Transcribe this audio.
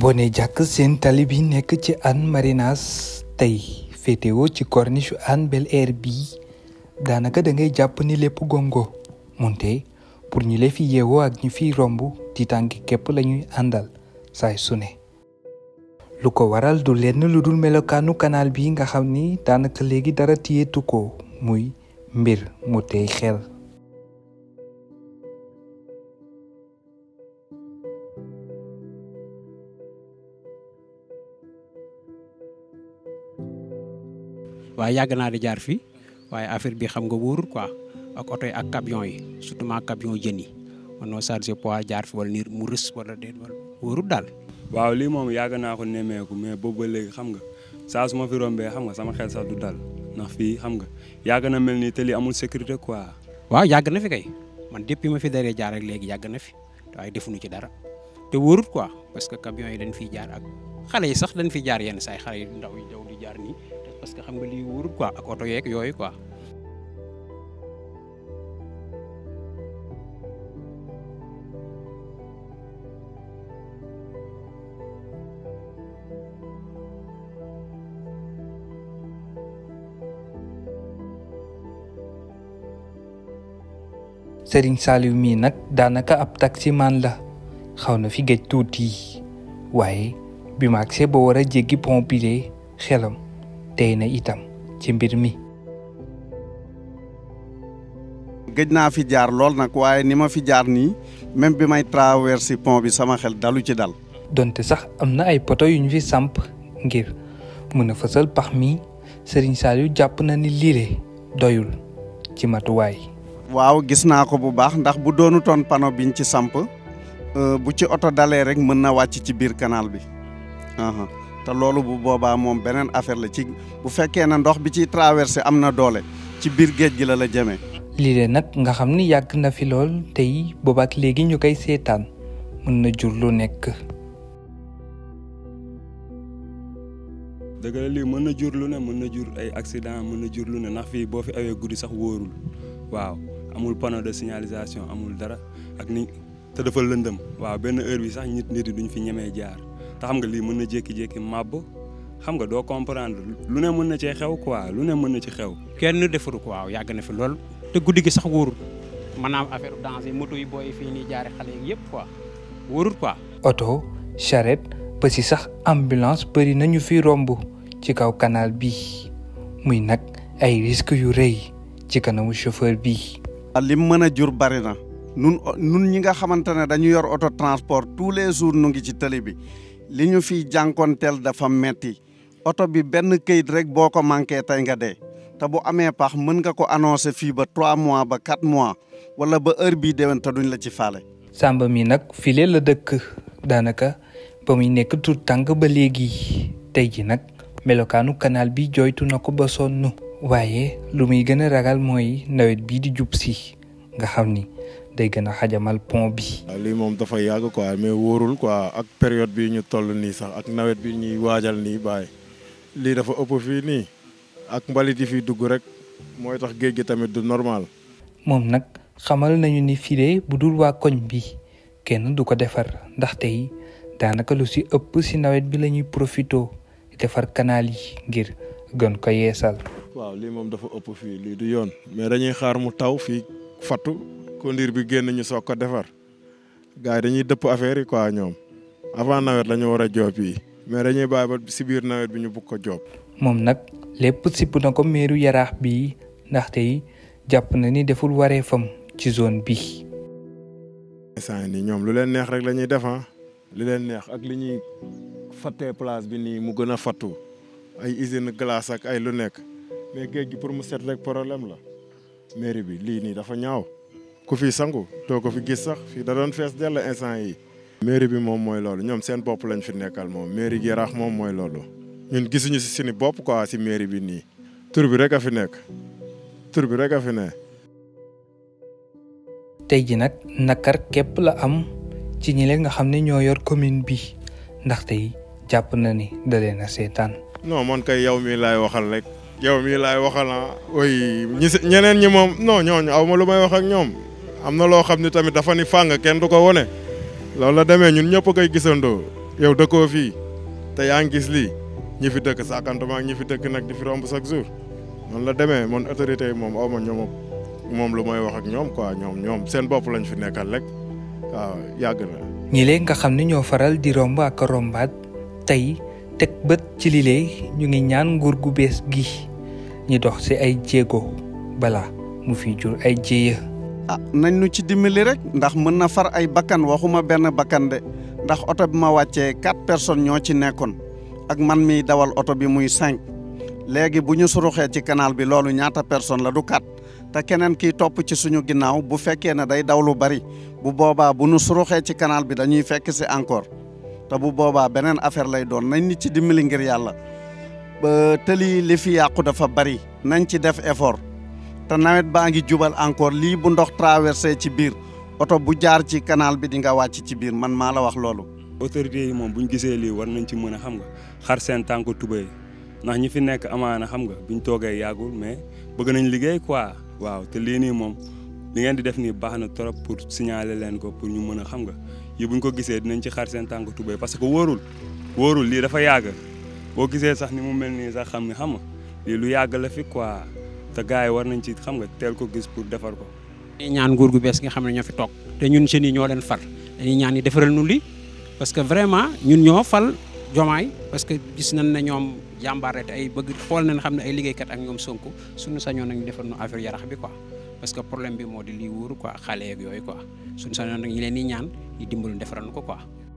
Bonejaka seen tali talibi nekk ci an Marinas tey féetewoo ci corniche an Bel-Air bi danaka da ngay japp ni lepp gongo monté pour ñu lay fi yeewoo ak ñu rombu ti tiitaange kep lañuy andal say suné lu ko waral du lenn lu dul melokanu canal bi nga xamni danaka daanaka dara téyeetu ko muy mbir mu tey xel waaw yàgg naa di jaar fii waaye affaire bi xam nga wóorul quoi ak oto ak camion yi surtout ma camion jën yi man noo chargé poids jaar fi nii mu rës wala déet wala wóorul daal. waaw lii moom yàgg naa ko nemmeeku mais boobu ba léegi xam nga saa su ma fi rombee xam nga sama xel sax du daal ndax fii xam nga yàgg na mel ni te li amul sécurité quoi. waaw yàgg na fi kay man depuis ma fi daree jaar ak léegi yàgg na fi waaye defuñu ci dara te wóorut quoi parce que camion yi dañ fiy jaar ak xale yi sax dañ fi jaar yenn saay xale yi ndaw yi daw di jaar nii. parce que xam nga lii wóorul quoi ak oto yeeg yooyu quoi. sëriñ Saliw mi nak danaka ab man la xawna fi gej tuuti waye bi ma agsee ba war a jéggi xelam tey itam ci mbir mi gëj naa fi jaar lool nag waaye ni ma fi jaar nii même bi may traversé pont bi sama xel dalu ci dal donte sax am na ay poto yuñ fi samp ngir mën a fësal pax mi sëriñ Saliou jàpp na ni liile doyul ci matuwaay waaw gis naa ko bu baax ndax bu doonu toon pano biñ ci samp euh, bu ci oto dalee rek mën na wàcc ci biir canal bi té lolu bu boba mom benen affaire la ci bu féké na ndox bi ci traverser amna doolé ci bir geej gi la la jëmé li de nak nga xamni ni na fi lool tey boobaak léegi ñu koy sétane mën na jur lu nekk. dëgg li mën na jur lu ne mën na jur ay accident mën na jur lu ne nak fi bo fi sax worul waaw amul panneau de signalisation amul dara ak ni té dafa lëndëm waaw benn heure bi sax nit nit duñ fi ñëmé jaar. te xam nga lii mën na jékki-jékki màbb xam nga doo comprendre lu ne mën na cee xew quoi lu ne mën na ci xew. kenn defaru ko waaw yàgg na fi lool. te guddi gi sax wóorul maanaam affaire yi booy fii nii jaare yëpp quoi wóorul quoi. oto charrette ba si sax ambulance bëri nañu fi romb ci kaw canal bi muy nag ay risques yu rëy ci kanamu chauffeur bi. li mu mën a jur bari na nun ñi nga xamante ne dañu yor auto transport tous les jours nu ngi ci tali bi. li ñu fiy jànkonteel dafa metti oto bi benn kayit rek boo ko manqué tey nga dee te bu amee pax mën nga ko annoncé fii ba trois mois ba quatre mois wala ba heure bii déwén te duñ la ci faale. Samba mi nag file la dëkk daanaka ba muy nekk tout tànk ba léegi tey ji nag melokaanu kanaal bi jooytu na ko ba sonn waaye lu muy gën a ragal mooy nawet bii di jub si. nga xam ni day gën a xajamal pont bi. lii moom dafa yàgg quoi mais wóorul quoi ak période bi ñu toll nii sax ak nawet bi ñuy waajal nii bàyyi lii dafa ëpp fii nii ak mbalit yi fiy dugg rek mooy tax géej gi tamit du normal. mom nak xamal nañu ni fii bu dul waa koñ bi kenn du ko defar ndaxte yi daanaka lu si ëpp si nawet bi la profito defar kanali yi ngir gën ko yeesal. waaw lii moom dafa ëpp fii lii du yoon mais dañuy xaar mu taw fii. fattu kondiir bi génn ñu soog ko defar gars yi dañuy dëpp affaire yi quoi ñoom avant nawet la ñu war a joob yi mais dañuy bàyyi ba si biir nawet bi ñu bugg ko joob. moom nag lépp sipp na ko meeru yaraax bi ndaxte jàpp na ni deful wareefam ci zone bi. instant nii ñoom lu leen neex rek la ñuy def ah. li leen neex ak li ñuy fattee place bi nii mu gën a fattu ay usine glace ak ay lu nekk mais géej gi pour mu set rek problème la. mairie bi lii nii dafa ñaaw ku fi sangu doo ko fi gis sax fii da doon fees dell instant yi mairie bi moom mooy loolu ñoom seen bopp lañ fi nekkal moom mairie Yaraax moom mooy loolu ñun gisuñu si suñu bopp quoi si mairie bi nii tur bi rek a fi nekk tur bi rek a fi ne tey ji nag nakar képp la am ci ñi leen nga xam ne ñoo yor commune bi ndaxte yi jàpp na ni da leen a seetaan non man kay yow mii laay waxal rek yow mii laay waxal ah ooy ñi si ñeneen ñi moom non ñooñu aw ma lu may wax ak ñoom am na loo xam ne tamit dafa ni fàng kenn du ko wone loolu la demee ñun ñëpp koy gisandoo yow dëkkoo fii te yaa ngi gis lii ñi fi dëkk sàkkantuma ak ñi fi dëkk nag di fi romb chaque jour noonu la demee man autorité yi moom aw ma ñoom moom lu may wax ak ñoom quoi ñoom ñoom seen bopp lañ fi nekkal rek waaw yàgg na. ñi léegi nga xam ni ñoo faral di romb ak rombaat tey teg bët ci lile ñu ngi ñaan nguur gu bees gi. ñi dox ci ay jéego bala mu fi jur ay jéeya ah nañ nu ci dimbali rek ndax mën na far ay bakkan waxuma benn bakkan de ndax oto bi ma wàccee quatre personnes ñoo ci nekkoon ak man mi dawal oto bi muy cinq léegi bu ñu suruxee ci canal bi loolu ñaata personne la du kat te keneen kiy topp ci suñu ginnaaw bu fekkee ne day daw lu bari bu boobaa bu ñu suruxee ci canal bi dañuy fekk si encore te bu boobaa beneen affaire lay doon nañ ni ci dimbali ngir yàlla ba teli li fi yaqku dafa bari nañ ci def effort te nawet baa ngi jubal encore li bu ndox traverser ci bir oto bu jaar ci canal bi di nga wacc ci bir man ma la wax lolu autorité yi mom buñu gisé li war nañ ci mëna xam nga xar tanko tuba yi ndax ñi fi nekk amana xam nga buñ toogee yagul mais bëgg nañ liggéey quoi. waaw te li ngeen di def ni baxna pour signaler len ko pour ñu mëna xam nga yi buñ ko gisé dinañ ci xar tanko tuba yi parce que worul worul li dafa yaga boo gisee sax ni mu mel nii sax xam ne xam lii lu yàgg la fi quoi te gars yi war nañ ci xam nga teel ko gis pour defar ko. ñaan nguur gu bees nga xam ne ñoo fi toog ñun jeunes yi ñoo leen far dañuy ñaan yi defaral nu li parce que vraiment ñun ñoo fal jomaay parce que gis nañ na ñoom jàmbaare te ay bëgg xool nañ xam ne ay liggéeykat ak ñoom Sonko suñu sañoon nañu defar nu affaire yarax bi quoi parce que problème bi moo di lii wóoru quoi xale yooyu quoi suñu sañoon nag ñu leen di ñaan ñi dimbalu defaral nu ko quoi.